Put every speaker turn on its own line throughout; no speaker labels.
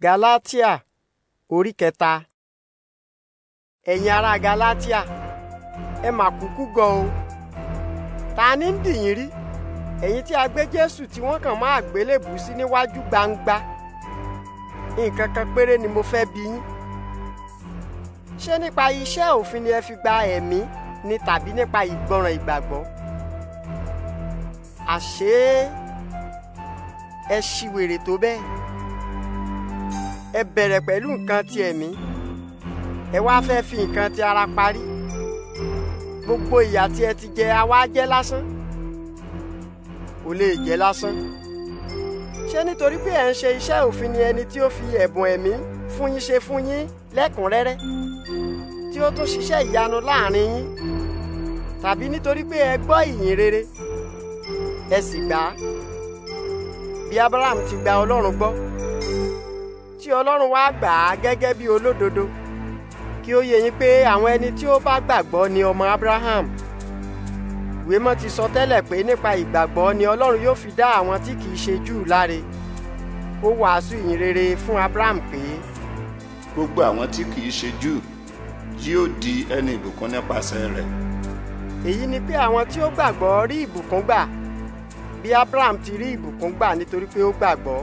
Galatia orí kẹta. Ẹ̀yin ará Galatia, ẹ mà kúkú gan o. Ta ni ń dì yín rí? Ẹ̀yin tí a gbé Jésù tí wọ́n kàn máa gbélébùú sí níwájú gbangba. Nǹkan kan péré ni mo fẹ́ bi yín. Ṣé nípa iṣẹ́ òfin ni ẹ fi gba ẹ̀mí ni tàbí nípa ìgbọràn ìgbàgbọ́? Àṣé ẹ ṣìwèrè tó bẹ́ẹ̀ ẹ bẹ̀rẹ̀ pẹ̀lú nǹkan ti ẹ̀mí ẹ wá fẹ́ fi nǹkan ti ara parí gbogbo ìyà tí ẹ ti jẹ àwa jẹ lásán kò lè jẹ lásán ṣé nítorí pé ẹ ń ṣe iṣẹ́ òfin ni ẹni tí ó fi ẹ̀bùn ẹ̀mí fún yín ṣe fún yín lẹ́kùnrẹ́rẹ́ tí ó tún ṣiṣẹ́ ìyanu láàrin yín tàbí nítorí pé ẹ gbọ́ ìyìn rere ẹ sì gbà á bí Abraham ti gba Ọlọ́run gbọ́ tí Ọlọ́run wá gbà á gẹ́gẹ́ bí olódodo kí ó yé yín pé àwọn ẹni tí ó bá gbàgbọ́ ni ọmọ Abraham ìwé mọ́ ti sọ tẹ́lẹ̀ pé nípa ìgbàgbọ́ ni Ọlọ́run yóò fi dá àwọn tí kìí ṣe Júù láre ó wàásù ìyìn rere fún Abraham pé.
gbogbo àwọn tí kìí ṣe Júù yóò di ẹni ìbùkún nípasẹ̀ rẹ̀.
èyí ni pé àwọn tí ó gbàgbọ́ rí ìbùkún gbà bí Abraham ti rí ìbùkún gbà nítorí pé ó gbàgbọ́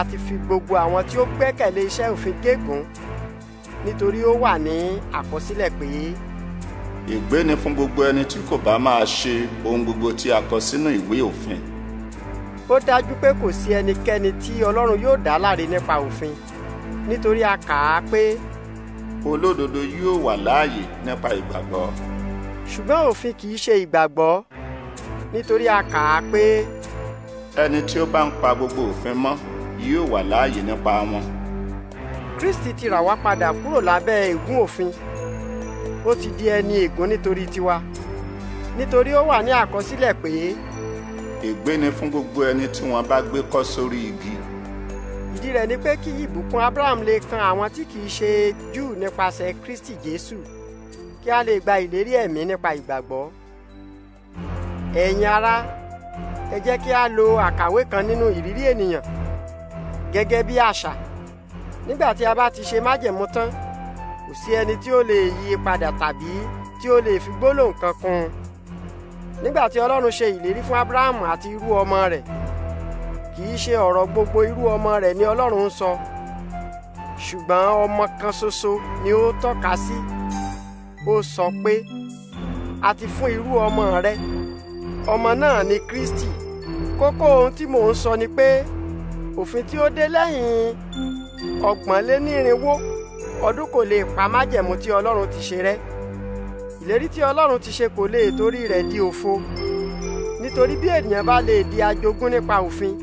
àti fi gbogbo àwọn tí ó gbẹ́kẹ̀lé iṣẹ́ òfin gégùn nítorí ó wà ní àkọsílẹ̀ pé.
ègbé ni fún gbogbo ẹni tí kò bá máa ṣe ohun gbogbo tí a kọ sínú ìwé òfin.
ó dájú pé kò sí ẹnikẹ́ni tí ọlọ́run yóò dá láre nípa òfin nítorí a kà á pé. olódodo yóò wà láàyè nípa ìgbàgbọ́. ṣùgbọ́n òfin kì í ṣe ìgbàgbọ́
nítorí a kà á pé. ẹni tí ó bá ń pa gbogbo òfin mọ́ yóò wà láàyè
nípa wọn. Kristi ti rà wá padà kúrò lábẹ́ ègún òfin ó ti di ẹni ègún nítorí tiwa nítorí ó wà ní àkọsílẹ̀ pé.
ègbé ni fún gbogbo ẹni tí wọ́n bá gbé kọ́ sórí igi.
ìdí rẹ̀ ni pé kí ìbùkún Abraham lè kan àwọn tí kì í ṣe Júù nípasẹ̀ Kristi Jésù kí a lè gba ìlérí ẹ̀mí nípa ìgbàgbọ́. ẹ̀yin ará ẹ jẹ́ kí a lo àkàwé kan nínú ìrírí ènìyàn gẹ́gẹ́ bí àṣà nígbà tí a bá ti ṣe májẹ̀mú tán kò sí ẹni tí ó lè yí i padà tàbí tí ó lè fi gbólóhùn kan kún un nígbà tí ọlọ́run ṣe ìlérí fún abrahamu àti irú ọmọ rẹ̀ kì í ṣe ọ̀rọ̀ gbogbo irú ọmọ rẹ̀ ni ọlọ́run ń sọ ṣùgbọ́n ọmọ kan ṣoṣo ni ó tọ́ka sí ó sọ pé a ti fún irú ọmọ rẹ ọmọ náà ni kristi kókó ohun tí mò ń sọ ni pé òfin tí ó dé lẹ́yìn ọgbọ̀n lé ní irinwó ọdún kò lè pa májẹ̀mú tí ọlọ́run ti ṣe rẹ́ ìlérí tí ọlọ́run ti ṣe kò lè torí rẹ̀ di òfo nítorí bí ènìyàn bá lè di ajogún nípa òfin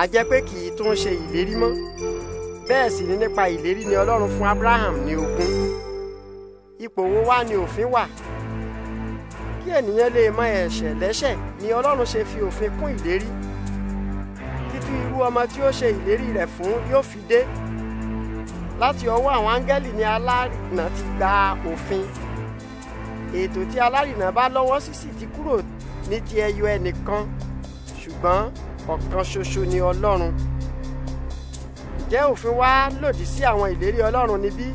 a jẹ́ pé kì í tún ṣe ìlérí mọ́ bẹ́ẹ̀ sì ni nípa ìlérí ni ọlọ́run fún Abraham ní ogún ipò wo wá ni òfin wà kí ènìyàn lè mọ ẹ̀ṣẹ̀ lẹ́ṣẹ̀ ni ọlọ́run ṣe fi òfin kún ìlérí pẹ̀lú ọmọ tí ó ṣe ìlérí rẹ̀ fún yóò fi dé láti ọwọ́ àwọn áńgẹ́lì ni alárìnà ti gba òfin ètò tí alárìnà bá lọ́wọ́ sí sì ti kúrò ní ti ẹyọ ẹnìkan ṣùgbọ́n ọ̀kan ṣoṣo ni ọlọ́run ǹjẹ́ òfin wá lòdì sí àwọn ìlérí ọlọ́run níbí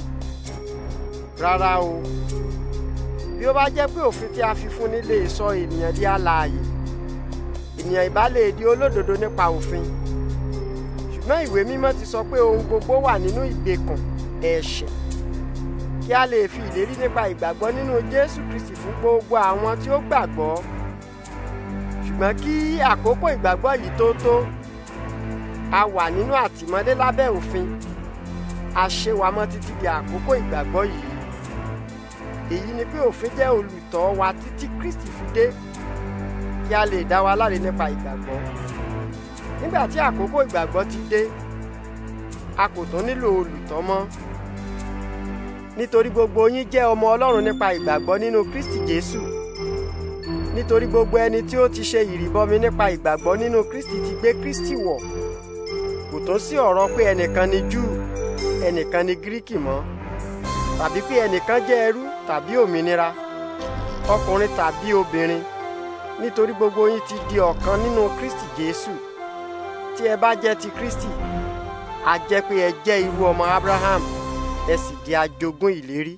rárá o bí ó bá jẹ́ pé òfin tí a fi fún ni lè sọ ènìyàn di alààyè ènìyàn ìbá lè di olódodo nípa òfin ṣùgbọ́n ìwé mímọ́ ti sọ pé ohun gbogbo wà nínú ìgbèkùn ẹ̀ṣẹ̀ kí a lè fi ìlérí nípa ìgbàgbọ́ nínú Jésù Kristi fún gbogbo àwọn tí ó gbàgbọ́ ṣùgbọ́n kí àkókò ìgbàgbọ́ yìí tó tó a wà nínú àtìmọ́lé lábẹ́ òfin a ṣe wa mọ́ títí di àkókò ìgbàgbọ́ yìí èyí ni pé òfin jẹ́ olùtọ́ wa títí Kristi fi dé kí a lè dá wa láre nípa ìgbàgbọ́ nígbà tí àkókò ìgbàgbọ́ ti dé a kò tún nílò olùtọ́ mọ́ nítorí gbogbo yín jẹ́ ọmọ Ọlọ́run nípa ìgbàgbọ́ nínú Kristi Jésù nítorí gbogbo ẹni tí ó ti ṣe ìrìbọmi nípa ìgbàgbọ́ nínú Kristi ti gbé Kristi wọ̀ kò tún sí ọ̀rọ̀ pé ẹnìkan ni Júù ẹnìkan ni Gíríkì mọ́ tàbí pé ẹnìkan jẹ́ ẹrú tàbí òmìnira ọkùnrin tàbí obìnrin nítorí gbogbo yín ti di ọ̀kan nínú Kristi Jésù tí ẹ bá jẹ́ ti Kristi a jẹ́ pé ẹ jẹ́ irú ọmọ Abraham ẹ sì di ajogún ìlérí.